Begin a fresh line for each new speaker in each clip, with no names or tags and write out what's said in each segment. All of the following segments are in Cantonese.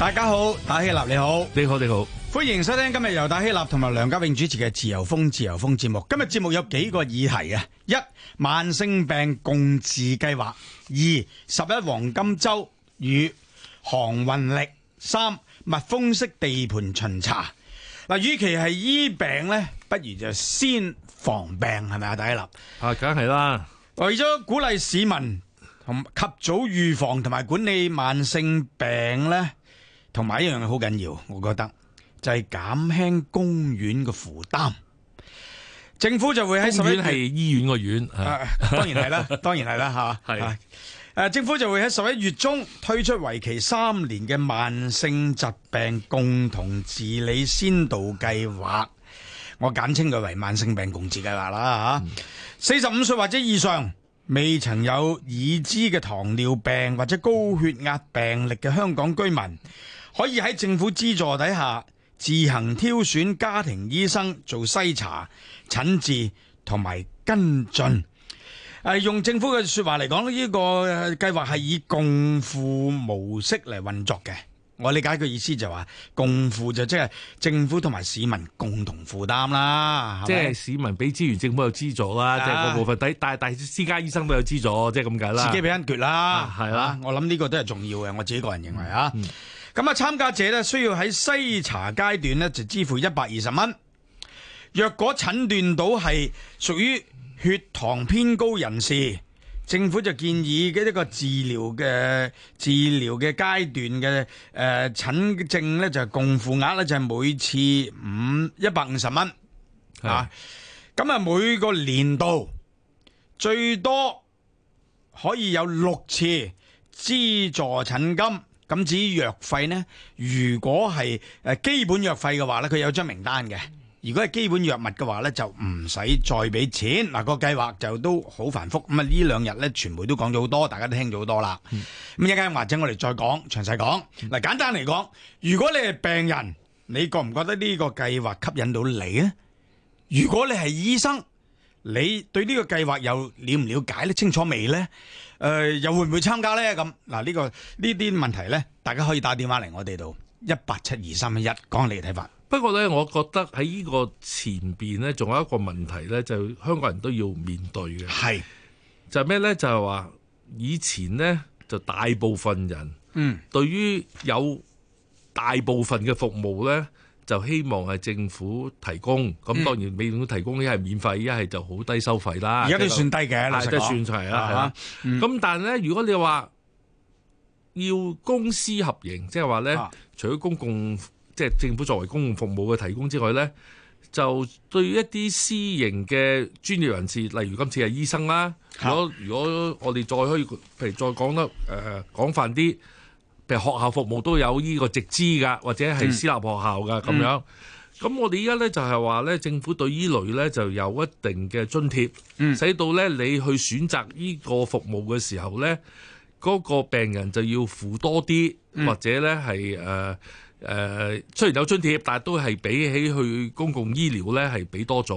大家好，大希臘你好，你好你好，歡迎收聽今日由大希臘同埋梁家穎主持嘅自由風自由風節目。今日節目有幾個議題啊？一、慢性病共治計劃；二、十一黃金周與航運力；三、密封式地盤巡查。嗱，與其係醫病咧，不如就先防病，係咪啊？大希臘啊，梗係啦。為咗鼓勵市民同及早預防同埋管理慢性病咧。同埋一樣嘢好緊要，我覺得就係減輕公院嘅負擔。政府就會喺十一月係醫院個院、啊，當然係啦，當然係啦，吓 是。係、啊、政府就會喺十一月中推出為期三年嘅慢性疾病共同治理先導計劃，我簡稱佢為慢性病共治計劃啦。吓、嗯，四十五歲或者以上未曾有已知嘅糖尿病或者高血壓病歷嘅香港居民。可以喺政府資助底下自行挑選家庭醫生做篩查診治同埋跟進。誒、呃，用政府嘅說話嚟講，呢、這個計劃係以共付模式嚟運作嘅。我理解嘅意思就話、是、共付就即係政府同埋市民共同負擔啦，即係市民俾資源，政府有資助啦，啊、即係嗰部分底，但係但係私家醫生都有資助，即係咁解啦。自己俾人決啦，係啦、啊。啊、我諗呢個都係重要嘅，我自己個人認為啊。嗯咁啊，參加者呢需要喺篩查階段呢就支付一百二十蚊。若果診斷到係屬於血糖偏高人士，政府就建議嘅一個治療嘅治療嘅階段嘅誒、呃、診症呢就係共付額呢就係每次五一百五十蚊啊。咁啊的，每個年度最多可以有六次資助診金。咁至於藥費呢，如果係誒基本藥費嘅話呢，佢有張名單嘅；如果係基本藥物嘅話呢，就唔使再俾錢。嗱，個計劃就都好繁複。咁啊，呢兩日呢，傳媒都講咗好多，大家都聽咗好多啦。咁一陣間或者我哋再講詳細講。嗱，簡單嚟講，如果你係病人，你覺唔覺得呢個計劃吸引到你呢？如果你係醫生。你對呢個計劃又了唔了解咧？清楚未呢？誒、呃，又會唔會參加呢？咁嗱，呢、這個呢啲問題呢，大家可以打電話嚟我哋度，1, 一八七二三一一，講下你嘅睇法。
不過呢，我覺得喺呢個前邊呢，仲有一個問題呢，就是、香港人都要面對嘅，係是就咩呢？就係、是、話以前呢，就大部分人，嗯，對於有大部分嘅服務呢。就希望係政府提供，咁、嗯、當然你提供啲係免費，一係就好低收費啦。而家都算低嘅啦，都算齊啦嚇。咁但係咧，如果你話要公私合營，即係話咧，啊、除咗公共，即、就、係、是、政府作為公共服務嘅提供之外咧，就對一啲私營嘅專業人士，例如今次係醫生啦。啊、如果如果我哋再可以，譬如再講得誒、呃、廣泛啲。譬如學校服務都有呢個直資㗎，或者係私立學校㗎咁、嗯、樣。咁我哋依家呢，就係話咧，政府對依類呢，就有一定嘅津貼，嗯、使到呢你去選擇呢個服務嘅時候呢，嗰、那個病人就要付多啲，嗯、或者呢係誒誒，雖然有津貼，但係都係比起去公共醫療呢，係俾多咗。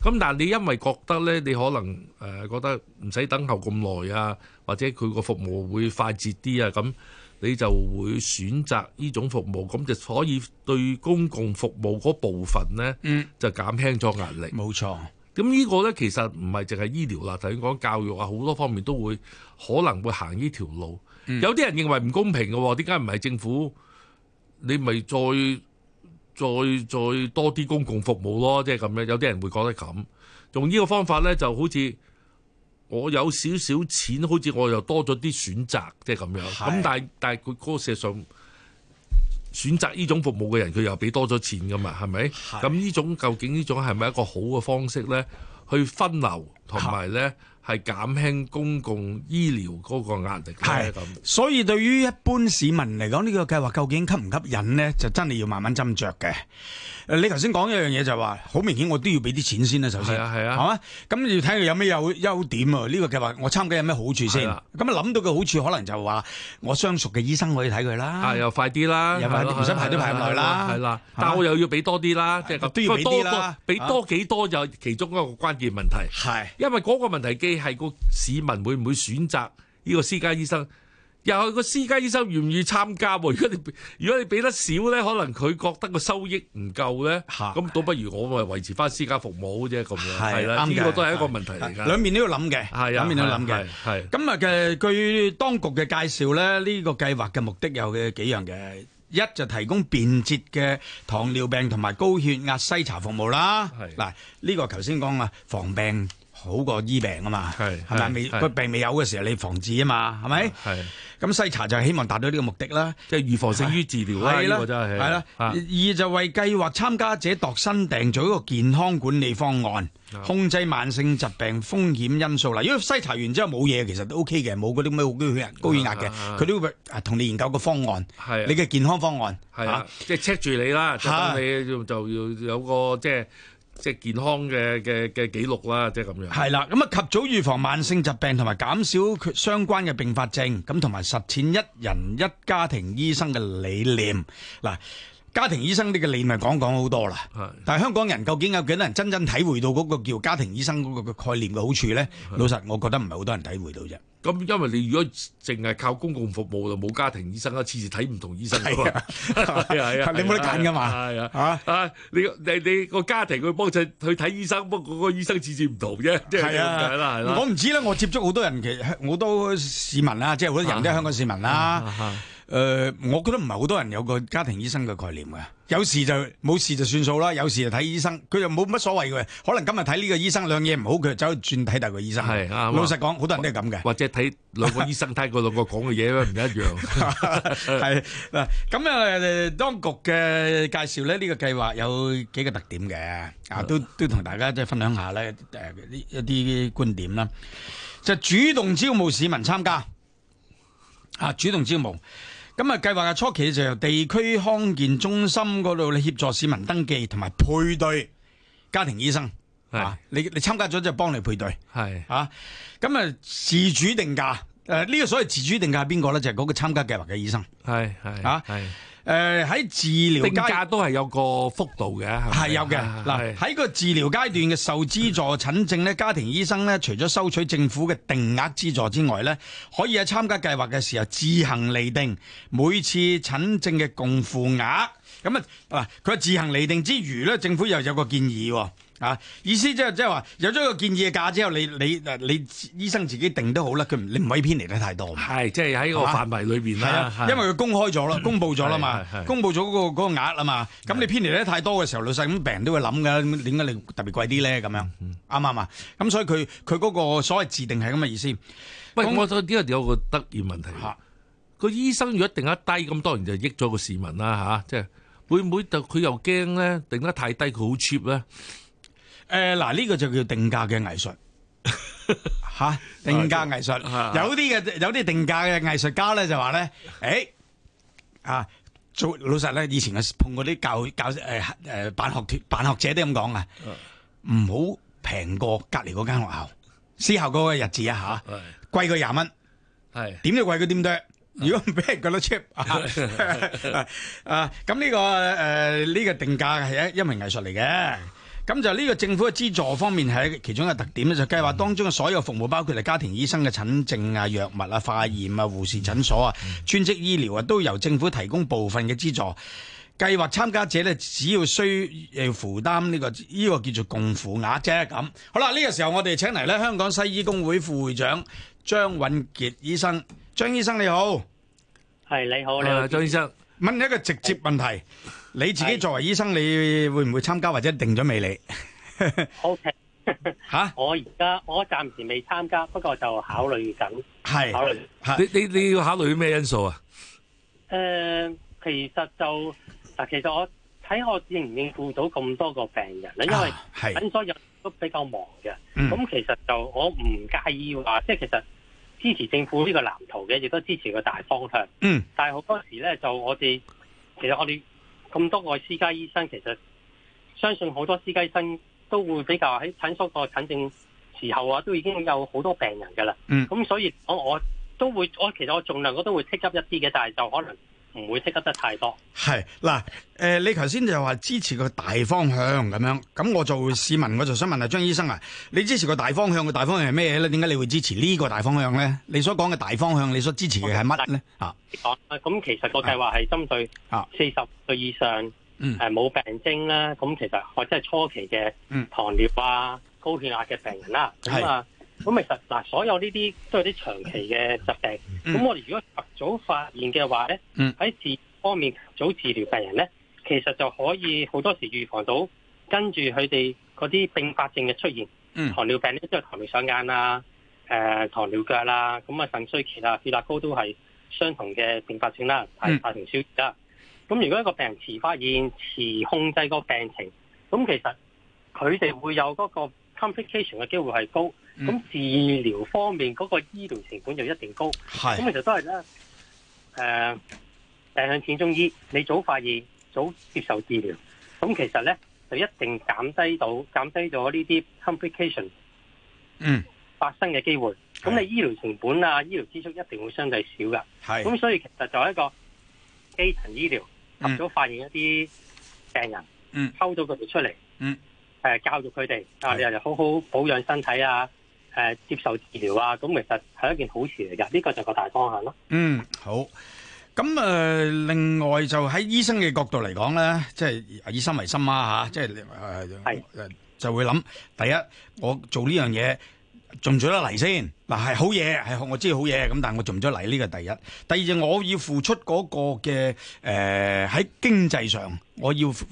咁但係你因為覺得呢，你可能誒、呃、覺得唔使等候咁耐啊，或者佢個服務會快捷啲啊咁。你就會選擇呢種服務，咁就可以對公共服務嗰部分呢就減輕咗壓力。嗯、冇錯，咁呢個呢其實唔係淨係醫療啦，頭先講教育啊，好多方面都會可能會行呢條路。嗯、有啲人認為唔公平嘅喎，點解唔係政府？你咪再再再多啲公共服務咯，即係咁樣。有啲人會覺得咁，用呢個方法呢就好似。我有少少錢，好似我又多咗啲選擇，即係咁樣。咁的但係但係佢個個社上選擇呢種服務嘅人，佢又俾多咗錢噶嘛，係咪？咁呢的種究竟呢種係咪一個好嘅方式呢？去分流同埋呢係的減輕公共醫療嗰個壓力係咁。
所以對於一般市民嚟講，呢、呢個計劃究竟吸唔吸引呢？就真係要慢慢斟酌嘅。你頭先講一樣嘢就話、係，好明顯我都要俾啲錢先啦，首先係啊係嘛？咁、啊、要睇佢有咩優優點啊？呢、呢個計劃我參加有咩好處先？咁啊諗到嘅好處可能就話，我相熟嘅醫生可以睇佢啦，又快啲啦，又唔使、啊、排都排唔耐啦，啦、啊。啊啊啊啊、但我
又要俾多啲、啊、啦，即係都要俾多俾多幾多，多就其中一個關鍵問題，是因為嗰個問題機係個市民會唔會選擇呢個私家醫生？又係個私家醫生願唔願意參加喎？如果你如果你俾得少咧，可能佢覺得個收益唔夠咧，咁倒不如我咪維持翻私家服務啫咁樣。係啦，啱嘅。呢個都係一個問題嚟㗎。兩面都要諗嘅，兩面都要諗嘅。係。
咁啊嘅據當局嘅介紹咧，呢個計劃嘅目的有嘅幾樣嘅，一就提供便捷嘅糖尿病同埋高血壓篩查服務啦。係。嗱，呢個頭先講啊，防病。好過醫病啊嘛，係咪未佢病未有嘅時候，你防治啊嘛，係咪？係。咁西查就希望達到呢個目的啦，即係預防勝於治療啦。係啦，係啦。二就為計劃參加者度身訂做一個健康管理方案，控制慢性疾病風險因素啦。因為西查完之後冇嘢，其實都 OK 嘅，冇嗰啲咩高血壓、高血壓嘅，佢都會同你研究個方案。係。你嘅健康方案，嚇，
即係 check 住你啦 c 你，就要有個即係。即係健康嘅、嘅、嘅記錄啦，即係咁樣。
係啦，咁啊及早預防慢性疾病同埋減少相關嘅併發症，咁同埋實踐一人一家庭醫生嘅理念嗱。家庭醫生呢個理念講講好多啦，但係香港人究竟有幾多人真正體會到嗰個叫家庭醫生嗰個概念嘅好處咧？老實，我覺得唔係好多人體會到啫。咁因為你如果淨係靠公共服務就冇家庭醫生啦，次次睇唔同醫生㗎嘛，係啊，
你冇得揀㗎嘛，吓吓你你你個家庭去幫襯去睇醫生，不過個醫生次次唔同啫，即係係啦係啦。我
唔知啦，我接觸好多人，其實好多市民啦，即係好多人都係香港市民啦。誒、呃，我覺得唔係好多人有個家庭醫生嘅概念嘅，有時就冇事就算數啦，有時就睇醫生，佢又冇乜所謂嘅，可能今日睇呢個醫生兩嘢唔好，佢就走去轉睇第二個醫生。係老實講，好多人都係咁嘅。或者睇兩個醫生，睇 過兩個講嘅嘢咧唔一樣。係咁啊，當局嘅介紹呢，呢、這個計劃有幾個特點嘅，啊，都都同大家即係分享下呢、呃、一啲觀點啦，就是、主動招募市民參加，啊，主動招募。咁啊，計劃嘅初期就由地區康健中心嗰度你協助市民登記同埋配對家庭醫生，是啊、你你參加咗就幫你配對，係是啊，咁啊自主定價，誒、呃、呢、這個所謂自主定價係邊個咧？就係、是、嗰個參加計劃嘅醫生，係係啊。誒，喺、呃、治療定價都係有個幅度嘅，係有嘅。嗱、啊，喺個治療階段嘅受資助診症咧，的家庭醫生咧，除咗收取政府嘅定額資助之外咧，可以喺參加計劃嘅時候自行釐定每次診症嘅共付額。咁啊，佢自行釐定之餘咧，政府又有個建議。啊、意思即係即係話有咗個建議嘅價之後，你你你醫生自己定都好啦。佢你唔可以偏離得太多。係即係喺個範圍裏邊啦。因為佢公開咗啦，公布咗啦嘛，公布咗嗰個嗰、嗰個額啊嘛。咁是你偏離得太多嘅時候，老細咁病人都會諗噶，點解你特別貴啲咧？咁樣啱嘛？咁、嗯、所以佢佢嗰個所謂自定係咁嘅意思。喂，以我覺得呢個有個得意問題？個、啊、醫生如果定得低咁，當然就益咗個市民
啦。吓、啊，即、就、係、是、會唔會呢？佢又驚咧定得太低，佢好 cheap 咧。
誒，嗱呢、呃這個就叫定價嘅藝術吓， 定價藝術有啲嘅有啲定價嘅藝術家咧就話咧，誒、欸、啊做老實咧，以前嘅碰過啲教教誒誒辦學團辦學者都咁講啊，唔好平過隔籬嗰間學校，私校嗰個日子啊吓，貴 過廿蚊係，點都貴佢點多，如果唔俾人覺得 cheap 啊， 啊咁呢、這個誒呢、呃這個定價係一一名藝術嚟嘅。咁就呢個政府嘅資助方面係其中一個特點咧，就計劃當中嘅所有服務，包括係家庭醫生嘅診症啊、藥物啊、化驗啊、護士診所啊、專職、嗯、醫療啊，都由政府提供部分嘅資助。計劃參加者咧，只需要需要負擔呢個呢、這個叫做共付額啫。咁好啦，呢、這個時候我哋請嚟咧香港西醫工會副會長張允傑醫生，張醫生你好，係你好你好，張、啊、醫生，問一個直接問題。嗯你自己作為醫生，是你會唔會參加或者定咗未？你 ，OK
吓？ 我而家我暫時未參加，不過就考慮緊。
係是，慮你你你要考慮咩因素啊？
誒、呃，其實就嗱，其實我睇我應唔應付到咁多個病人咧，因為揾咗日都比較忙嘅。咁、啊、其實就我唔介意話，即係、嗯、其實支持政府呢個藍圖嘅，亦都支持個大方向。嗯，但係好多時咧，就我哋其實我哋。咁多個私家醫生，其實相信好多私家醫生都會比較喺診所個診症時候啊，都已經有好多病人㗎啦。嗯，咁所以我我都會我其實我儘量我都會剔 a 一啲嘅，但係就可能。唔會 t 得得太多。
係嗱，誒，你頭先就話支持個大方向咁樣，咁我就市民，我就想問下張醫生啊，你支持個大方向嘅大方向係咩咧？點解你會支持呢個大方向咧？你所講嘅大方向，你所支持嘅係乜咧？
講咁 Okay.、啊、其實個計劃係針對四十歲以上，誒冇病徵啦，咁、嗯、其實或真係初期嘅糖尿病啊、高血壓嘅病人啦，咁啊。是啊咁其實嗱，所有呢啲都係啲長期嘅疾病。咁我哋如果及早發現嘅話咧，喺治療方面及早治療病人咧，其實就可以好多時預防到跟住佢哋嗰啲併發症嘅出現。糖尿病咧都係糖尿病上眼啊，糖尿病腳啦，咁啊腎衰竭啦，血壓高都係相同嘅併發症啦， 大同小異啦。咁如果一個病人遲發現、遲控制個病情，咁其實佢哋會有嗰個 complication 嘅機會係高。咁、嗯、治療方面嗰，那個醫療成本就一定高，咁其實都係咧，誒、呃，病向淺中醫，你早發現，早接受治療，咁其實咧就一定減低到減低咗呢啲 complication，嗯，發生嘅機會，咁是你醫療成本啊，醫療支出一定會相對少噶，係是，咁所以其實就係一個基層醫療，及早發現一啲病人，嗯，抽到佢哋出嚟，
嗯，
誒、呃，教育佢哋，是啊，你又好好保養身體啊。誒、
呃，接受治療啊，咁其實係一件好事嚟㗎，呢、這個就個大方向咯。嗯，好。咁誒、呃，另外就喺醫生嘅角度嚟講咧，即、就、係、是、以心為心啊吓，即係係就會諗第一，我做呢樣嘢。仲做得嚟先嗱，係好嘢，係我知道好嘢咁，但我做唔咗嚟呢個第一。第二我要付出嗰個嘅，誒、呃、喺經濟上我要誒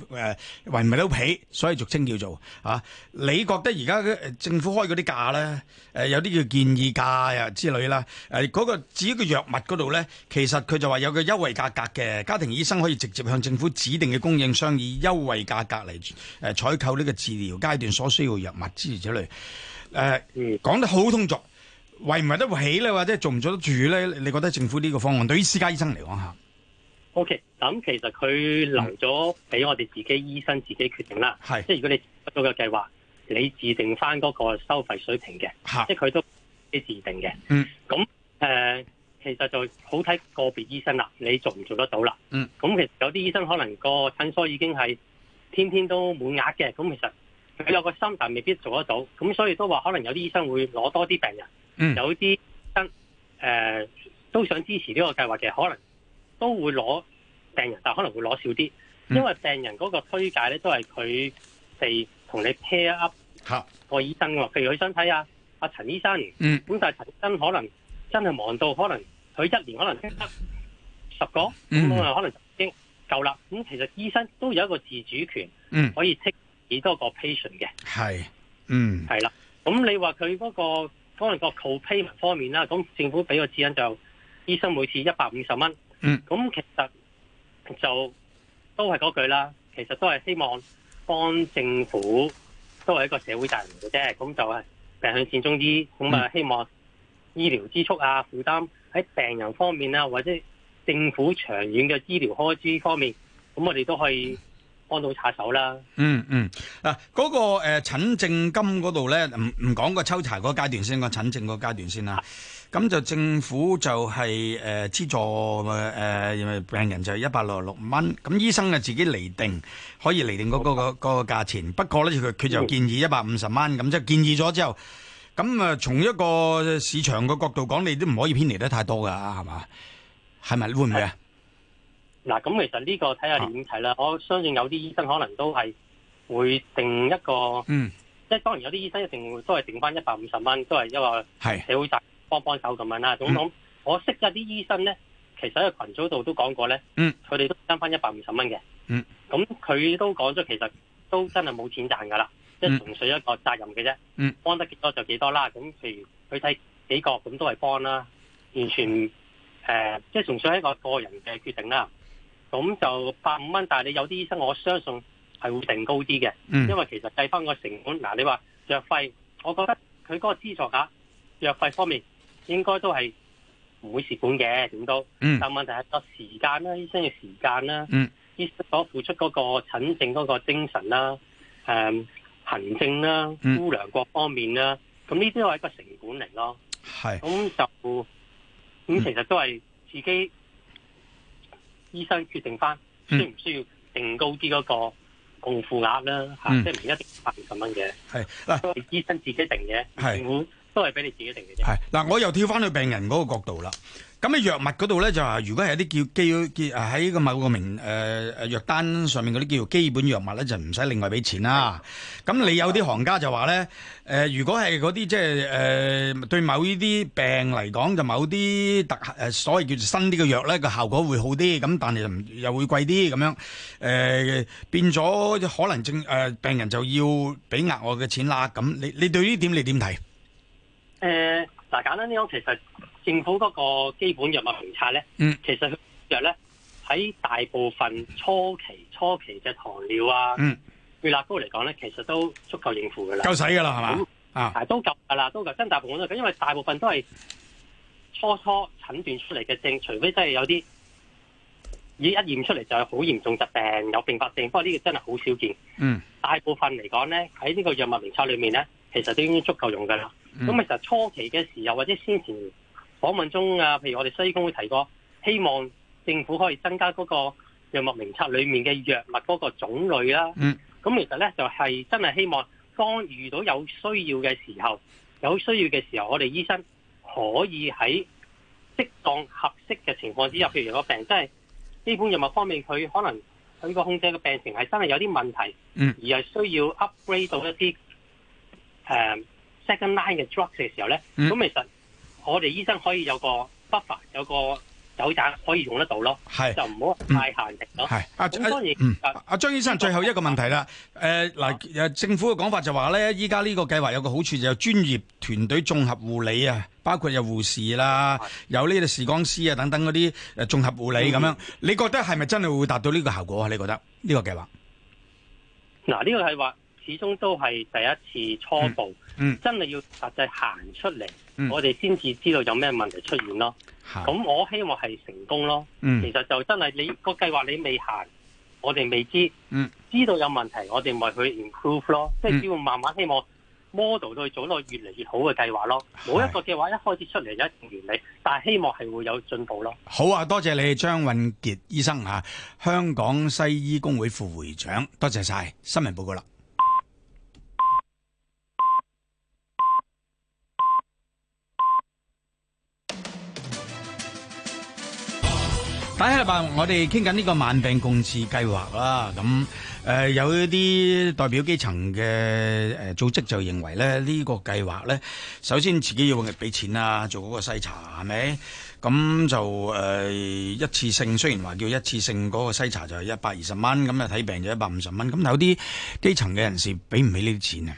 維唔到皮，所以俗稱叫做啊你覺得而家政府開嗰啲價咧，誒、呃、有啲叫建議價啊之類啦。誒、呃、嗰、嗰個至於個藥物嗰度咧，其實佢就話有個優惠價格嘅，家庭醫生可以直接向政府指定嘅供應商以優惠價格嚟誒採購呢個治療階段所需要嘅藥物之類。誒，講、呃嗯、得好通俗，維唔維得起咧，或者做唔做得住咧？你覺得政府呢個方案對於私家醫生嚟講吓
？O K，咁其實佢留咗俾我哋自己醫生自己決定啦。係是，即係如果你執咗個計劃，你自定翻嗰個收費水平嘅，是即係佢都自己自定嘅，嗯嗯嗯。嗯，咁誒，其實就好睇個別醫生啦，你做唔做得到啦？嗯，咁其實有啲醫生可能個診所已經係天天都滿額嘅，咁其實。佢有個心，但未必做得到，咁所以都話可能有啲醫生會攞多啲病人，嗯、有啲醫生誒都想支持呢個計劃嘅，可能都會攞病人，但可能會攞少啲，嗯、因為病人嗰個推介咧都係佢哋同你 pair up 個醫生喎，譬如佢想睇吓，阿陳醫生，咁但係陳醫生可能真係忙到，可能佢一年可能睇得十個，咁啊、嗯、可能已經夠啦。咁其實醫生都有一個自主權，嗯、可以剔。幾多個 patient 嘅，
係，嗯，
係啦，咁你話佢嗰個可能個 co-payment 方面啦，咁政府俾個指引就醫生每次一百五十蚊，嗯，咁其實就都係嗰句啦，其實都係希望幫政府都係一個社會責任嘅啫，咁就係病向淺中醫，咁啊希望醫療支出啊負擔喺病人方面啦，啊，或者政府長遠嘅醫療開支方面，咁我哋都可以。
幫到擦手啦、嗯。嗯嗯，嗱、那個，嗰個誒診症金嗰度咧，唔唔講個抽查嗰階段先，講診症嗰階段先啦。咁就政府就係誒資助誒、呃、病人就係一百六十六蚊。咁醫生啊自己厘定，可以厘定嗰、那個吧個個價錢。不過咧佢佢就建議一百五十蚊咁，即係、嗯、建議咗之後，咁啊從一個市場嘅角度講，你都唔可以偏離得太多噶，係嘛？係咪會唔會啊？
嗱，咁其實呢、呢個睇下你點睇啦。看看啊、我相信有啲醫生可能都係會定一個，嗯、即係當然有啲醫生一定都係定翻一百五十蚊，都係因為社會責任幫幫手咁樣啦。咁、嗯、我識咗啲醫生咧，其實喺個羣組度都講過咧，佢哋、嗯、都爭翻一百五十蚊嘅。咁佢、嗯、都講咗，其實都真係冇錢賺噶啦，嗯、
即係純粹
一個責任嘅啫。嗯、幫得幾多就幾多啦。咁譬如佢睇幾個，咁都係幫啦。完全誒、呃，即係純粹一個個人嘅決定啦。咁就百五蚊，但係你有啲醫生，我相信係會定高啲嘅，嗯、因為其實計翻個成本，嗱你話藥費，我覺得佢嗰個資助額，藥費方面應該都係唔會蝕本嘅，點都。嗯、但問題係個時間啦，醫生嘅時間啦，嗯、醫生所付出嗰個診症嗰個精神啦，嗯、行政啦、估量各方面啦，咁呢啲都係一個成本嚟咯。係是。咁就咁，嗯、其實都係自己。醫生決定翻需唔需要定高啲嗰個共付額啦嚇，即係唔一定八百二十蚊
嘅，
係嗱，啊、醫生自己定嘅。都係俾你自己定
嘅啫。係嗱，我又跳翻去病人嗰個角度啦。咁啊，藥物嗰度咧就話，如果係啲叫基叫喺個某個名誒誒藥單上面嗰啲叫做基本藥物咧，就唔使另外俾錢啦。咁的你有啲行家就話咧，誒、呃，如果係嗰啲即係誒對某啲病嚟講，就某啲特誒、呃、所謂叫做新啲嘅藥咧，個效果會好啲，咁但係又會貴啲咁樣。誒、呃，變咗可能正誒、呃、病人就要俾額外嘅錢啦。咁你你對呢點你點睇？
誒，嗱，呃，簡單啲講，其實政府嗰個基本藥物名冊咧，嗯，其實藥咧喺大部分初期初期嘅糖尿啊、血壓、嗯、高嚟講咧，其實都足夠應付噶啦，夠使噶啦，係嘛，嗯？啊吧，都夠噶啦，都夠，真大部分都夠，因為大部分都係初初診斷出嚟嘅症，除非真係有啲以一驗出嚟就係好嚴重疾病有併發症，不過呢個真係好少見。嗯，大部分嚟講咧，喺呢個藥物名冊裏面咧，其實都已經足夠用噶啦。咁其實初期嘅時候或者先前訪問中啊，譬如我哋西醫工會提過，希望政府可以增加嗰個藥物名冊裏面嘅藥物嗰個種類啦。
嗯。
咁其實咧就係真係希望當遇到有需要嘅時候，有需要嘅時候，我哋醫生可以喺適當合適嘅情況之下，譬如個病即係、就是、基本藥物方面，佢可能佢個控制嘅病情係真係有啲問題，嗯，而係需要 upgrade 到一啲誒。呃 Second line 嘅 drug 嘅時候咧，咁其實我哋醫生
可以有個 buffer，有個走盞可以用得到咯，是就唔好太限制咯。係、嗯、啊當然啊，嗯，阿、啊啊、張醫生最後一個問題啦，誒、呃、嗱，誒、啊、政府嘅講法就話咧，依家呢個計劃有個好處就是有專業團隊綜合護理啊，包括有護士啦，啊、有呢個視光師啊等等嗰啲誒綜合護理咁樣，嗯、你覺得係咪真係會達到呢個效果啊？你覺得呢、這個計劃？嗱、啊，
呢、這個係話。始終都係第一次初步，嗯嗯、真係要實際行出嚟，嗯、我哋先至知道有咩問題出現咯。咁行我希望係成功咯。嗯、其實就真係你個計劃你未行，我哋未知、嗯、知道有問題，我哋咪去 improve 咯、嗯，即係只要慢慢希望 model 去做到越嚟越好嘅計劃咯。是每一個計劃一開始出嚟一定原理，但係希望係會有進步咯。
好啊，多謝你，張允傑醫生吓、啊，香港西醫工會副會長，多謝晒新聞報告啦。大家好，我哋傾緊呢個慢病共治計劃啦。咁誒，有一啲代表基層嘅誒組織就認為咧，呢個計劃咧，首先自己要俾錢啊，做嗰個篩查係咪？咁就誒一次性，雖然話叫一次性，嗰個篩查就係一百二十蚊，咁啊睇病就一百五十蚊。咁有啲基層嘅人士俾唔起呢啲錢啊？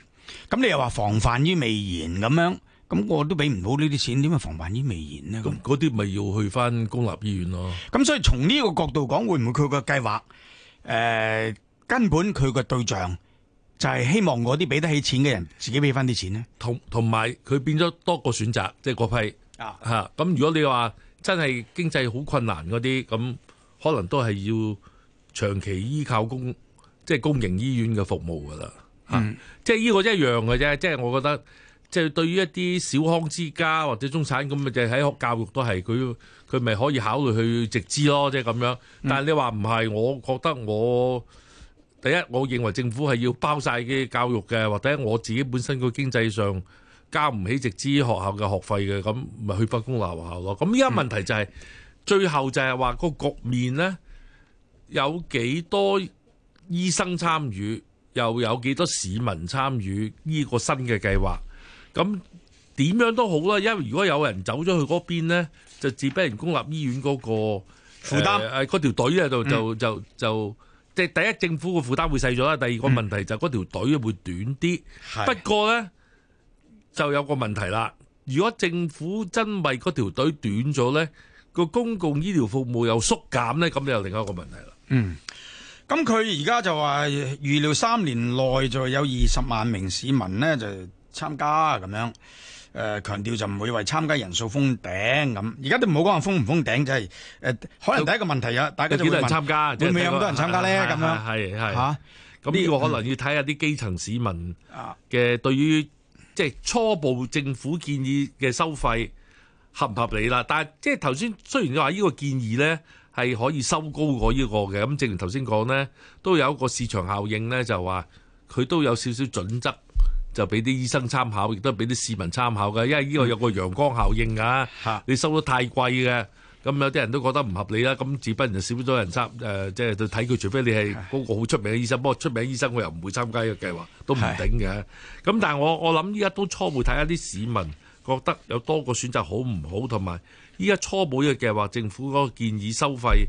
咁你又話防範於未然咁樣？咁我都俾唔到呢啲錢，點解防患於未然呢？咁嗰啲咪要去翻公立醫院咯。咁所以從呢個角度講，會唔會佢個計劃？誒、呃，根本佢個對象就係希望嗰啲俾得起錢嘅人自己俾翻啲錢呢，同同埋佢變咗多個選擇，即係個批啊吓。咁如
果你話真係經濟好困難嗰啲，咁可能都係要長期依靠、就是、公即係公營醫院嘅服務噶啦。嗯，嗯，即係呢個一樣嘅啫。即係我覺得。即係對於一啲小康之家或者中產咁，嘅，就喺、學、教育都係佢佢咪可以考慮去直資咯，即係咁樣。但係你話唔係，我覺得我第一我認為政府係要包晒嘅教育嘅，或者我自己本身個經濟上交唔起直資學校嘅學費嘅，咁咪去北公立學校咯。咁依家問題就係、是、最後就係話個局面呢，有幾多醫生參與，又有幾多市民參與呢個新嘅計劃？咁點樣都好啦，因為如果有人走咗去嗰邊呢，就自俾人公立醫院嗰、嗰個負擔，嗰條隊咧就、嗯、就就就即係第一，政府嘅負擔會細咗啦。第二個問題就嗰條隊會短啲。嗯、不過呢，就有個問題啦，如果政府真為嗰條隊短咗呢，個公共醫療服務又縮減呢，咁又
另一個問題啦。嗯，咁佢而家就話預料三年內就有二十萬名市民呢。就。參加咁樣，誒、呃、強調就唔會為參加人數封頂咁。而家都唔好講封唔封頂，就係、呃、可能第一個問題啊，有大家就幾多人參加，會唔會咁多人參加咧？
咁咁呢個可能要睇下啲基層市民嘅對於、啊、即初步政府建議嘅收費合唔合理啦。但係即係頭先雖然話呢個建議咧係可以收高過呢、呢個嘅，咁正如頭先講咧，都有一個市場效應咧，就話佢都有少少準則，就俾啲醫生參考，亦都係俾啲市民參考嘅，因為依個有個陽光效應㗎。你收得太貴嘅，咁有啲人都覺得唔合理啦。咁自不然就少咗人參誒，即係睇佢，除非你係嗰個好出名嘅醫生。不過出名醫生我又唔會參加依個計劃，都唔頂嘅。咁但係我我諗依家都初步睇下啲市民覺得有多個選擇好唔好，同埋依家初步嘅計劃，政府嗰個建議收費。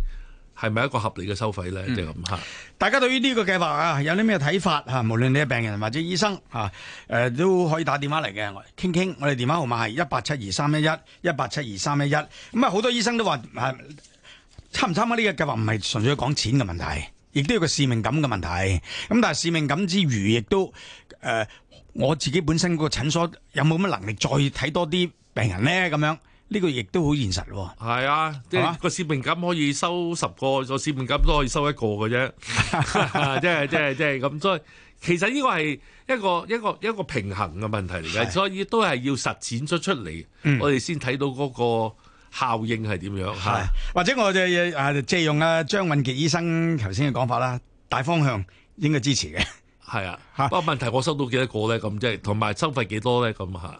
係咪一個合理嘅收費咧？即係咁吓，
大家對於呢個計劃啊，有啲咩睇法吓？無論你係病人或者醫生吓，誒、啊呃、都可以打電話嚟嘅，傾傾。我哋電話號碼係一八七二三一一一八七二三一一。咁啊，好多醫生都話誒，參唔參加呢個計劃唔係純粹講錢嘅問題，亦都有個使命感嘅問題。咁但係使命感之餘，亦都誒、呃，我自己本身個診所有冇乜能力再睇多啲病人咧？咁樣。呢個亦都好現實喎，
係啊，即係個市面金可以收十個，個市面金都可以收一個嘅啫，即係即係即係咁。所以其實呢個係一個一個一個平衡嘅問題嚟嘅，是啊、所以都係要實踐咗出嚟，嗯、我哋先睇到嗰個效應係點樣。係、啊啊、
或者我哋啊借用啊張允傑醫生頭先嘅講法啦，大方向應該支持嘅，
係啊。不過 問題我收到幾多個呢、就是、收多個咧？咁即係同埋收費幾多咧？咁吓。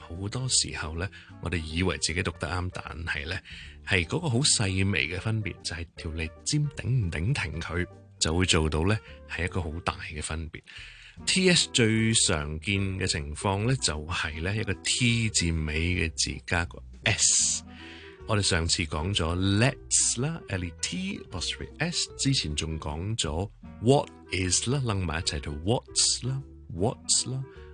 好多時候呢，我哋以為自己讀得啱，但係呢，係嗰個好細微嘅分別，就係條脷尖頂唔頂停佢，就會做到呢，係一個好大嘅分別。T S 最常見嘅情況呢，就係呢一個 T 字尾嘅字加個 S。我哋上次講咗 Let's 啦，L、E、T plus S。之前仲講咗 What is 啦，掹埋一齊 What's 啦，What's 啦。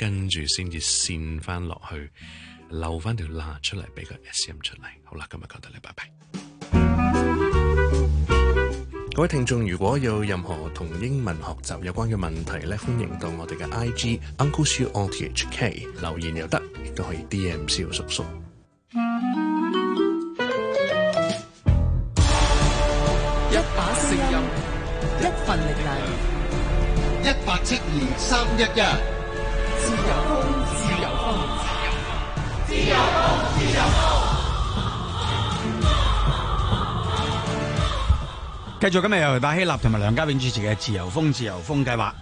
跟住先至扇翻落去，留翻條罅出嚟俾個 S M 出嚟。好啦，今日講到呢，拜拜。各位聽眾，如果有任何同英文學習有關嘅問題咧，歡迎到我哋嘅 I G Uncle Shiu O T H K 留言又得，亦都可以 D M 小叔叔。一
把聲音，
一份力量，一八七二三一一。自由風，自由風，自由風，自由風，
自由風。繼續今日由戴希立同埋梁家永主持嘅《自由風 由自由風計劃》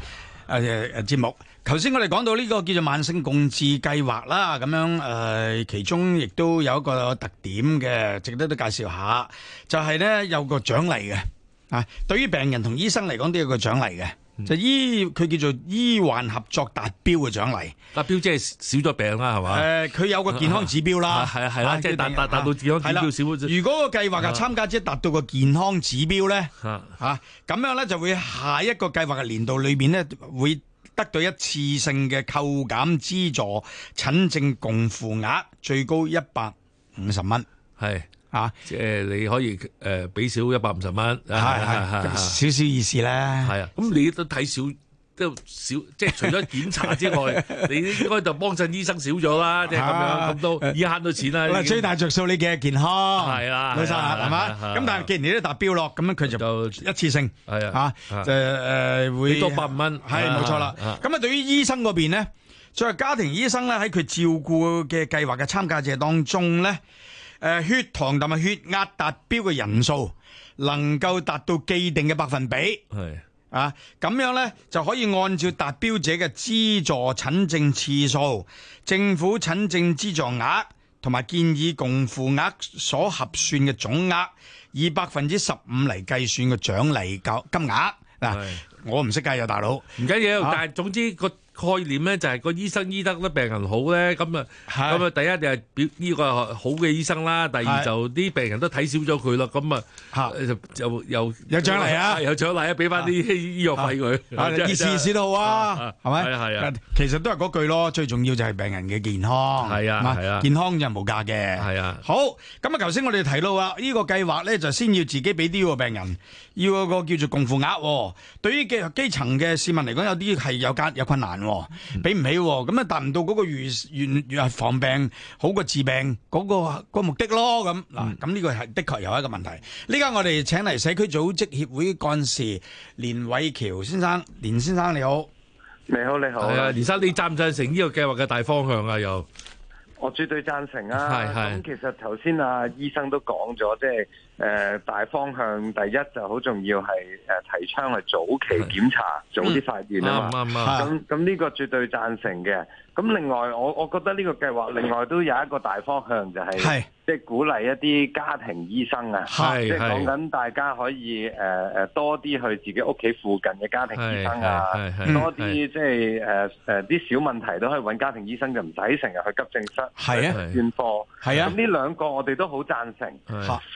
誒誒節目。頭先我哋講到呢個叫做“慢性共治計劃”啦，咁樣誒，其中亦都有一個特點嘅，值得都介紹下。就係、是、咧有一個獎勵嘅啊，對於病人同醫生嚟講都有一個獎勵嘅。就醫佢叫做醫患合作達標嘅獎勵，
達標即係少咗病啦，係嘛？誒、呃，佢有個健康指標啦，係啊，係啦、啊，啊啊、即係達、啊、達到健康指標少咗、啊啊。如果個計劃嘅參
加者、啊、達到個健康指標咧，嚇咁、啊啊、樣咧就會下一個計劃嘅年度裏邊咧會得到一次性嘅扣減資助診症共付額，最高一百五十蚊，係。啊！即係你可以誒，俾少一百五十蚊，係係少少意思啦。係啊，咁
你都睇少都少，即係除咗檢查之外，你應該就幫襯醫生少咗啦，
即係咁樣咁都已慳到錢啦。最大着數你嘅健康。係啊，老細係嘛？咁但係既然你都達標咯，咁樣佢就一次性係啊吓，誒誒會多百五蚊。係冇錯啦。咁啊，對於醫生嗰邊咧，作為家庭醫生咧，喺佢照顧嘅計劃嘅參加者當中咧。誒，血糖同埋血壓達標嘅人數能夠達到既定嘅百分比，係啊，咁樣呢就可以按照達標者嘅資助診症次數、政府診症資助額同埋建議共付額所核算嘅總額，以百分之十五嚟計算嘅獎勵金金額。嗱，是的 我唔識計啊，大佬，
唔緊要，但係總之個。概念咧就係個醫生醫得啲病人好咧，咁啊咁啊，第一就係表呢個好嘅醫生啦，第二就啲病人都睇少咗佢啦，咁啊嚇就又又有獎勵啊，有
獎勵啊，俾翻啲醫藥費佢，意思意思都好啊，係咪？係啊其實都係嗰句咯，最重要就係病人嘅健康係啊係啊，健康就係無價嘅係啊。好，咁啊，頭先我哋提到啊呢個計劃咧，就先要自己俾啲個病人要個叫做共付額，對於基層嘅市民嚟講，有啲係有間有困難。嗯、畀唔起、哦，咁啊達唔到嗰個預預防病好過治病嗰、嗰個、嗰個目的咯。咁嗱，咁呢個係的確有一個問題。呢家我哋請嚟社區組織協會幹事連瑋翹先生，連先生你好，你好，你好你好。係啊，連生，你贊唔贊成
呢個計劃嘅大方向啊？又，
我絕對贊成
啊。係係是。咁其
實頭先啊
醫生都講咗，即係。大方向第一就好重要係提倡去早期檢查，早啲發現啊嘛。咁咁呢個絕對贊成嘅。咁另外我我覺得呢個計劃另外都有一個大方向就係，即係鼓勵一啲家庭醫生啊，即係講緊大家可以誒多啲去自己屋企附近嘅家庭醫生啊，多啲即係誒啲小問題都可以揾家庭醫生就唔使成日去急症室。係啊，轉科。係啊。咁呢兩個我哋都好贊成。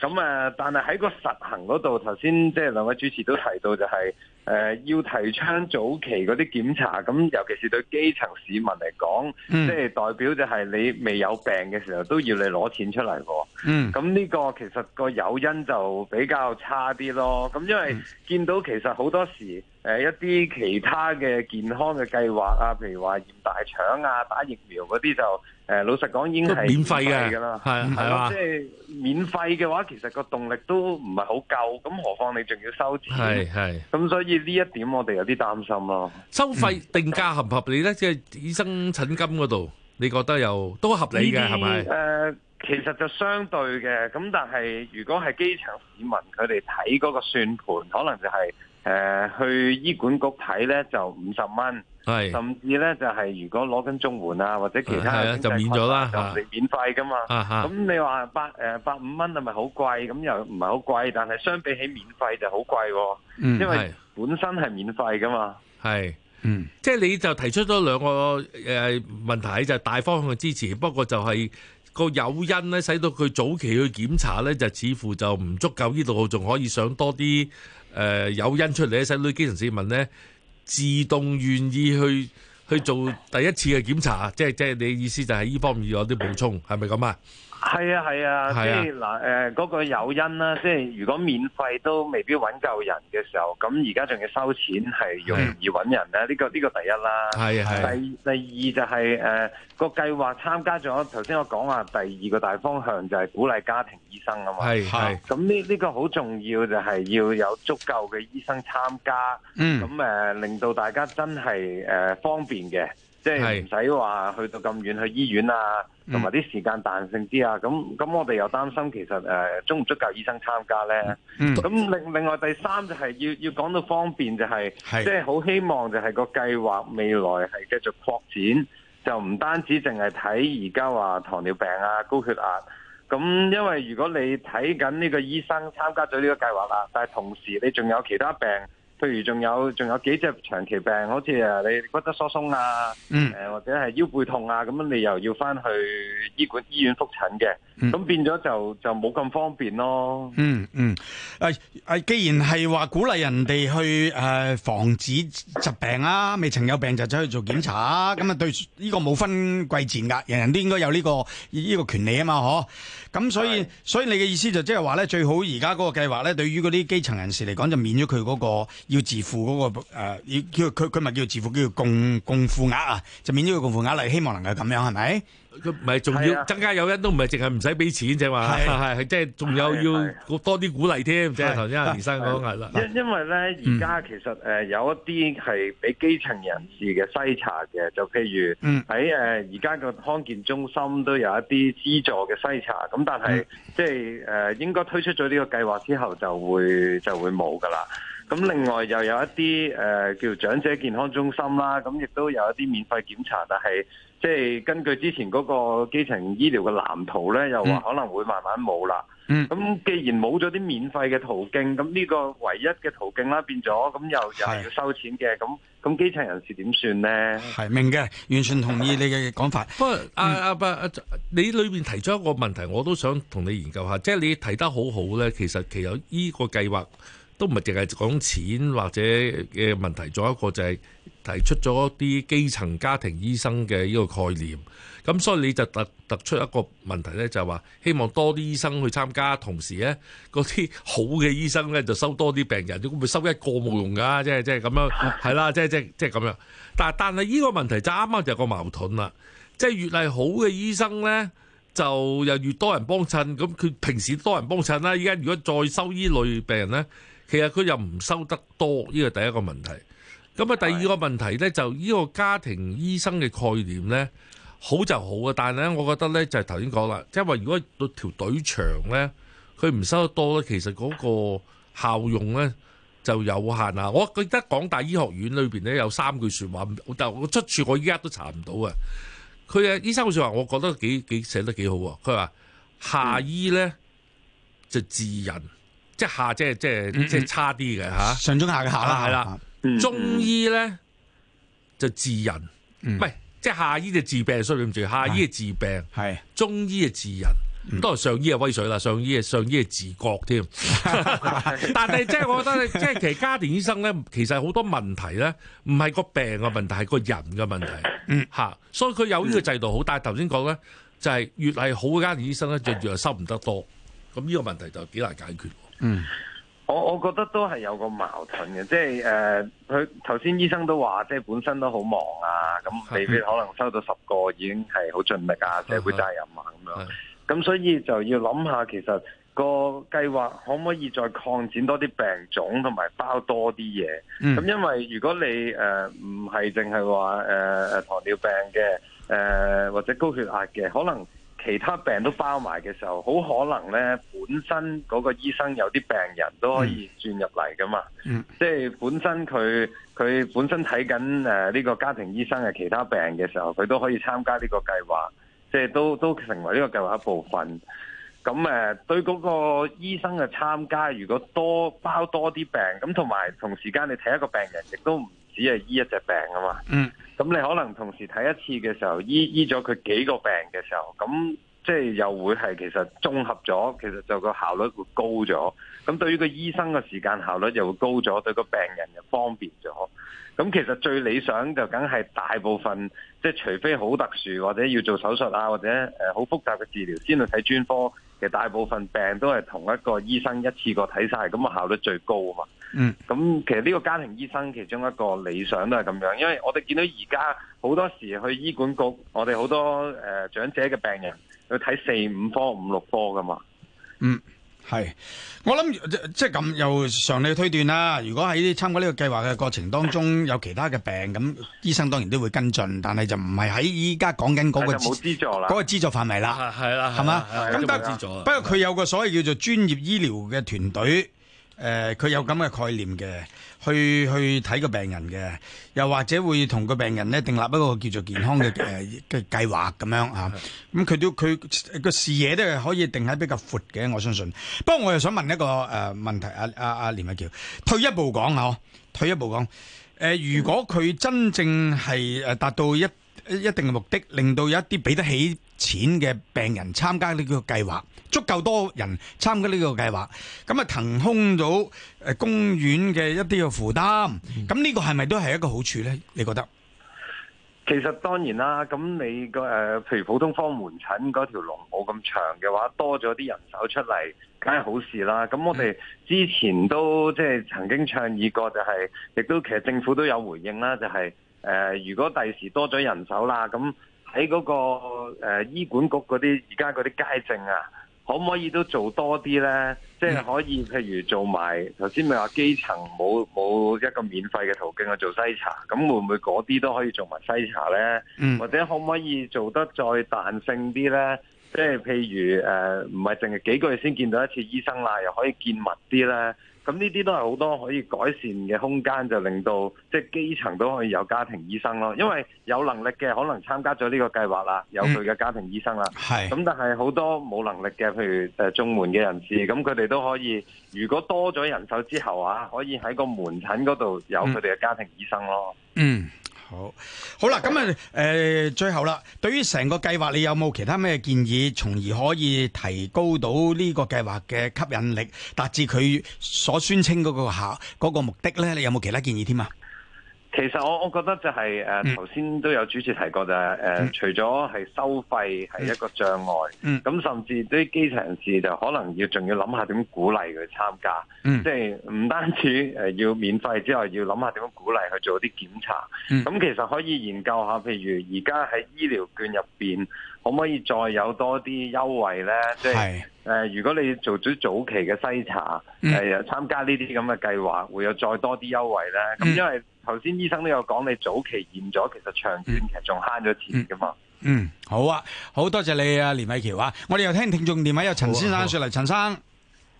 咁但係喺個實行嗰度，頭先即係兩位主持都提到，就是，就係誒要提倡早期嗰啲檢查，咁尤其是對基層市民嚟講，即係、嗯、代表就係你未有病嘅時候，都要你攞錢出嚟喎。咁呢、嗯、個其實個誘因就比較差啲咯。咁因為見到其實好多時誒、呃、一啲其他嘅健康嘅計劃啊，譬如話驗大腸啊、打疫苗嗰啲就。誒，老實講已經係免費嘅啦，係係即係免費嘅話，其實個動力都唔係好夠，咁何況你仲要收錢。係係，咁所以呢一點我哋有啲擔心咯。
收費定價合唔合理咧？即係、嗯就是、醫生診金嗰度，你覺得有都合理嘅係咪？誒些吧、呃，
其實就相對嘅，咁但係如果係基層市民，佢哋睇嗰個算盤，可能就係、是、誒、呃、去醫管局睇咧就五十蚊。係，是甚至咧就係如果攞緊綜援啊，或者其他就免咗啦，就免費噶嘛。咁、啊啊、你話百誒百五蚊係咪好貴？咁又唔係好貴，但係相比起免費就好貴。嗯，因為本身係免費噶嘛。
係，嗯，即係你就提出咗兩個誒問題，就係、大方向嘅支持，不過就係個誘因咧，使到佢早期去檢查咧，就似乎就唔足夠。呢度，仲可以想多啲誒誘因出嚟，使到啲基層市民咧，自動願意去去做第一次嘅檢查，即係即係你意思就係呢方面有啲補充，係咪咁啊？
係啊，係啊，即係嗱，誒、啊呃嗰個誘因啦，即、就、係、是、如果免費都未必揾夠人嘅時候，咁而家仲要收錢係容易揾人咧，呢、啊這個呢、這個第一啦。係係、啊。第、啊、第二就係、是、誒、呃那個計劃參加，仲有頭先我講話第二個大方向就係鼓勵家庭醫生啊嘛。係係。咁呢呢個好重要，就係要有足夠嘅醫生參加，咁誒、嗯啊、令到大家真係誒、呃、方便嘅，即係唔使話去到咁遠去醫院啊。同埋啲時間彈性啲啊，咁咁我哋又擔心其實誒，足、呃、唔足夠醫生參加咧？咁、嗯、另另外第三就係要要講到方便、就是，的就係即係好希望就係個計劃未來係繼續擴展，就唔單止淨係睇而家話糖尿病啊、高血壓，咁因為如果你睇緊呢個醫生參加咗呢個計劃啦、啊，但係同時你仲有其他病。譬如仲有仲有幾隻長期病，好似啊你骨質疏鬆啊，嗯、或者係腰背痛啊，咁樣你又要翻去醫管醫院覆診嘅。咁、嗯、變咗就就冇咁方便咯。嗯嗯、
啊，既然係話鼓勵人哋去誒、呃、防止疾病啊，未曾有病就走去做檢查啊，咁啊對呢個冇分貴賤噶，人人都應該有呢、這個呢、這個權利啊嘛，嗬。咁所以的所以你嘅意思就即係話咧，最好而家嗰個計劃咧，對於嗰啲基層人士嚟講，就免咗佢嗰個要自付嗰、那個要叫佢佢唔叫自付，叫共共負額啊，就免咗佢共負額嚟，希望能夠咁樣係咪？佢
唔係，仲要增加友恩都唔係，淨係唔使俾錢啫嘛，係係即係仲有要多啲鼓勵添，即係頭先阿連生講係啦。因
因為咧，而家其實誒有一啲係俾基層人士嘅篩查嘅，就譬如喺誒而家個康健中心都有一啲資助嘅篩查。咁但係即係誒應該推出咗呢個計劃之後就會就會冇噶啦。咁另外又有一啲誒、呃、叫長者健康中心啦，咁亦都有一啲免費檢查，但係即係根據之前嗰個基層醫療嘅藍圖咧，又話可能會慢慢冇啦嗯。嗯，咁既然冇咗啲免費嘅途徑，咁呢個唯一嘅途徑啦，變咗咁又又係要收錢嘅，咁咁是基層人士點算咧？
係明嘅，完全同意
你嘅講法。 不過阿阿不，你裏面提出一個問題，我都想同你研究下，即、就、係、是、你提得好好咧。其實其實依個計劃。都唔係淨係講錢或者嘅問題，仲有一個就係提出咗啲基層家庭醫生嘅呢個概念。咁所以你就突突出一個問題咧，就係話希望多啲醫生去參加，同時咧嗰啲好嘅醫生咧就收多啲病人。會唔會收一個冇用噶，即係即係咁樣，係啦，即係即係即係咁樣。但係但係呢個問題就啱啱就有個矛盾啦。即係越係好嘅醫生咧，就又越多人幫襯。咁佢平時多人幫襯啦，依家如果再收呢類病人咧。其實佢又唔收得多，呢個第一個問題。咁啊，第二個問題呢，就呢個家庭醫生嘅概念呢，好就好啊。但係呢，我覺得呢，就頭先講啦，因為如果條隊長呢，佢唔收得多咧，其實嗰個效用呢，就有限啊。我記得港大醫學院裏邊呢，有三句說話，但係我出處我依家都查唔到啊。佢嘅醫生說話，我覺得幾幾寫得幾好。佢話下醫呢，嗯、就治人。下就是就是就是，一，嗯、下即係即係即係差啲嘅吓，
上中下嘅下啦，係啦。
中醫咧就治人，唔係即係下醫就治病，熟唔熟住？下醫係治病，係、啊、中醫係治人，嗯、都係上醫係威水啦。上醫啊，上醫係治國添。嗯，但係即係我覺得，即係 其實家庭醫生咧，其實好多問題咧，唔係個病嘅問題，係個人嘅問題。吓，嗯，所以佢有呢個制度好，但係頭先講咧，就係越係好嘅家庭醫生咧，越越收唔得多。
咁呢個問題就幾難解決。嗯，我我覺得都係有個矛盾嘅，即係誒，佢頭先醫生都話，即係本身都好忙啊，咁未必可能收到十個已經係好盡力啊，社會責任啊咁樣，咁所以就要諗下，其實個計劃可唔可以再擴展多啲病種，同埋包多啲嘢，咁、嗯、因為如果你誒唔係淨係話誒糖尿病嘅，誒、呃、或者高血壓嘅，可能。其他病都包埋嘅時候，好可能呢本身嗰個醫生有啲病人都可以轉入嚟噶嘛。即係、嗯嗯、本身佢佢本身睇緊誒呢個家庭醫生嘅其他病嘅時候，佢都可以參加呢個計劃，即係都都成為呢個計劃一部分。咁誒，對嗰個醫生嘅參加，如果多包多啲病，咁同埋同時間你睇一個病人，亦都唔止係醫一隻病啊嘛。嗯咁你可能同時睇一次嘅時候，醫醫咗佢幾個病嘅時候，咁即係又會係其實綜合咗，其實就個效率會高咗。咁對於個醫生嘅時間效率又會高咗，對個病人又方便咗。咁其實最理想就梗係大部分，即係除非好特殊或者要做手術啊，或者誒好複雜嘅治療先去睇專科。其實大部分病都係同一個醫生一次過睇晒，咁個效率最高啊嘛。嗯，咁其實呢個家庭醫生其中一個理想都係咁樣，因為我哋見到而家好多時去醫管局，我哋好多誒、呃、長者嘅病人去睇四五科、五六科噶嘛。嗯，
係，我諗即係咁又常理推斷啦。如果喺參加呢個計劃嘅過程當中有其他嘅病，咁醫生當然都會跟進，但係就唔係喺依家講緊嗰個資助啦，嗰個資助範圍啦，係啦，係嘛？咁冇資助，不過佢有個所謂叫做專業醫療嘅團隊。誒，佢、呃、有咁嘅概念嘅，去去睇個病人嘅，又或者會同個病人呢訂立一個叫做健康嘅誒嘅計劃咁樣啊，咁佢是的、嗯、都佢個視野咧可以定喺比較闊嘅，我相信。不過我又想問一個誒、呃、問題，阿阿阿連瑋翹，退一步講啊，退一步講，誒、呃，如果佢真正係誒達到一一定嘅目的，令到有一啲俾得起錢嘅病人參加呢個計劃。足夠多人參加呢個計劃，咁啊騰空咗誒公園嘅一啲嘅負擔，咁呢個係咪都係一個好處呢？你覺得？
其實當然啦，咁你個誒、呃，譬如普通科門診嗰條龍冇咁長嘅話，多咗啲人手出嚟，梗係好事啦。咁我哋之前都即係曾經倡議過、就是，就係亦都其實政府都有回應啦，就係、是、誒、呃，如果第時多咗人手啦，咁喺嗰個誒、呃、醫管局嗰啲而家嗰啲街症啊。可唔可以都做多啲呢？即係可以，譬如做埋頭先，咪話基層冇冇一個免費嘅途徑去做篩查，咁會唔會嗰啲都可以做埋篩查呢？嗯、或者可唔可以做得再彈性啲呢？即係譬如誒，唔係淨係幾個月先見到一次醫生啦，又可以見密啲呢？咁呢啲都係好多可以改善嘅空間，就令到即係基層都可以有家庭醫生咯。因為有能力嘅可能參加咗呢個計劃啦，有佢嘅家庭醫生啦。係、嗯。咁但係好多冇能力嘅，譬如誒中門嘅人士，咁佢哋都可以，如果多咗人手之後啊，可以喺個門診嗰度有佢哋嘅家庭醫生咯、嗯。嗯。
好，好啦，咁啊，誒、呃，最後啦，對於成個計劃，你有冇其他咩建議，從而可以提高到呢個計劃嘅吸引力，達至佢所宣稱嗰個效嗰個目的呢？你有冇其他建議添啊？
其實我我覺得就係、是、誒，頭、呃、先、嗯、都有主持提過就係誒，呃嗯、除咗係收費係一個障礙，咁、嗯嗯、甚至啲基層人士就可能要仲要諗下點鼓勵佢參加，即係唔單止誒要免費之外，要諗下點樣鼓勵去做啲檢查。咁、嗯、其實可以研究下，譬如而家喺醫療券入邊，可唔可以再有多啲優惠咧？即係誒，如果你做咗早期嘅篩查，誒參、嗯呃、加呢啲咁嘅計劃，會有再多啲優惠咧？咁因為頭先醫生都有講，你早期驗咗，其實長遠其實仲慳咗錢噶嘛。嗯，
好啊，好多謝你啊，連瑋翹啊，我哋又聽聽眾電話有陳先生、啊啊、說嚟，陳生。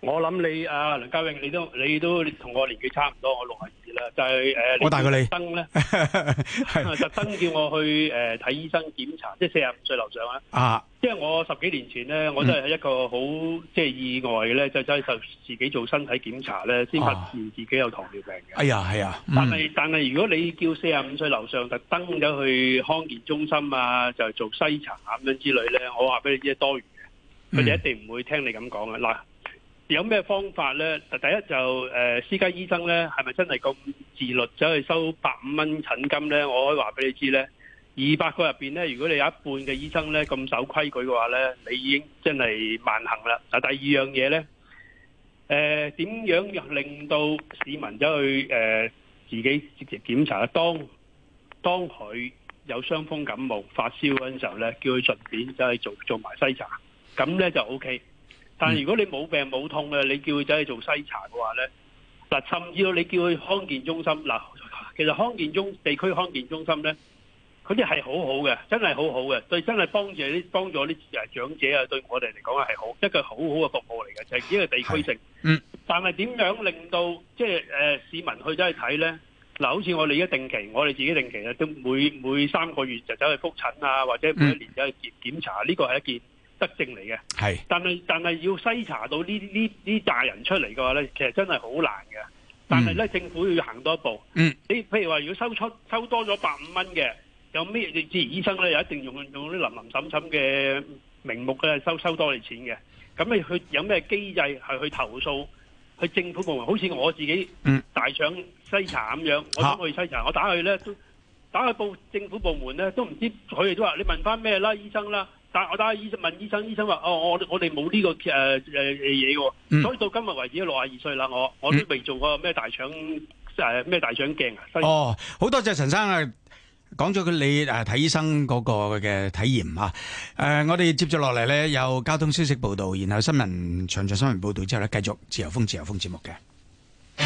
我諗你啊，梁家榮，你都你都同我年紀差唔多，我六十二啦，就係、是、誒、呃嗯、 特登咧，特登叫我去誒睇、呃、醫生檢查，即係四十五歲樓上啦。啊！即係、啊、我十幾年前咧，我都係一個好即係意外嘅咧，就真係就自己做身體檢查咧，先發現自己有糖尿病嘅、啊。哎呀，係啊！嗯、但係但係，如果你叫四十五歲樓上特登走去康健中心啊，就是、做篩查咁、啊、樣之類咧，我話俾你知，是多餘嘅，佢哋、嗯、一定唔會聽你咁講嘅。嗱。有咩方法呢？第一就誒私家醫生呢，係咪真係咁自律走去收百五蚊診金呢？我可以話俾你知呢，二百個入邊呢，如果你有一半嘅醫生呢，咁守規矩嘅話呢，你已經真係萬幸啦。嗱，第二樣嘢呢，誒、呃、點樣令到市民走去誒、呃、自己直接檢查？當當佢有傷風感冒發燒嗰陣時候呢，叫佢順便走去做做埋篩查，咁呢就 OK。但如果你冇病冇痛嘅，你叫佢仔去做篩查嘅話咧，嗱，甚至到你叫佢康健中心，嗱，其實康健中地區康健中心咧，佢啲係好好嘅，真係好好嘅，對真係幫助啲幫助啲誒長者啊，對我哋嚟講係好、就是、一個很好好嘅服務嚟嘅，就係、是、呢個地區性。嗯。但係點樣令到即係誒市民去走去睇咧？嗱，好似我哋而家定期，我哋自己定期啊，都每每三個月就走去復診啊，或者每一年走去檢檢查，呢個係一件。得證嚟嘅，係是，但係但係要篩查到呢呢呢扎人出嚟嘅話咧，其實真係好難嘅。但係咧，嗯、政府要行多一步，嗯，你譬如話如果收出收多咗百五蚊嘅，有咩？甚至醫生咧又一定用用啲林林審審嘅名目嘅收收多你的錢嘅，咁你去有咩機制係去投訴去政府部門？好似我自己、嗯、大腸篩查咁樣，嗯、我想去篩查，我打去咧都打去部政府部門咧都唔知，佢哋都話你問翻咩啦，醫生啦。但我打去醫生問醫生，醫生話：哦，我我哋冇呢個誒誒嘢嘅，呃哦嗯、所以到今日為止都六十二歲啦。我我都未做過咩大腸誒咩、呃、大腸鏡啊。
哦，
好多謝陳生、生啊，講咗佢你誒睇醫生嗰個嘅體驗啊。誒，我哋接咗落嚟咧有交通消息報導，然後新聞詳盡新聞報導之後咧，繼續自由風自由風節目嘅。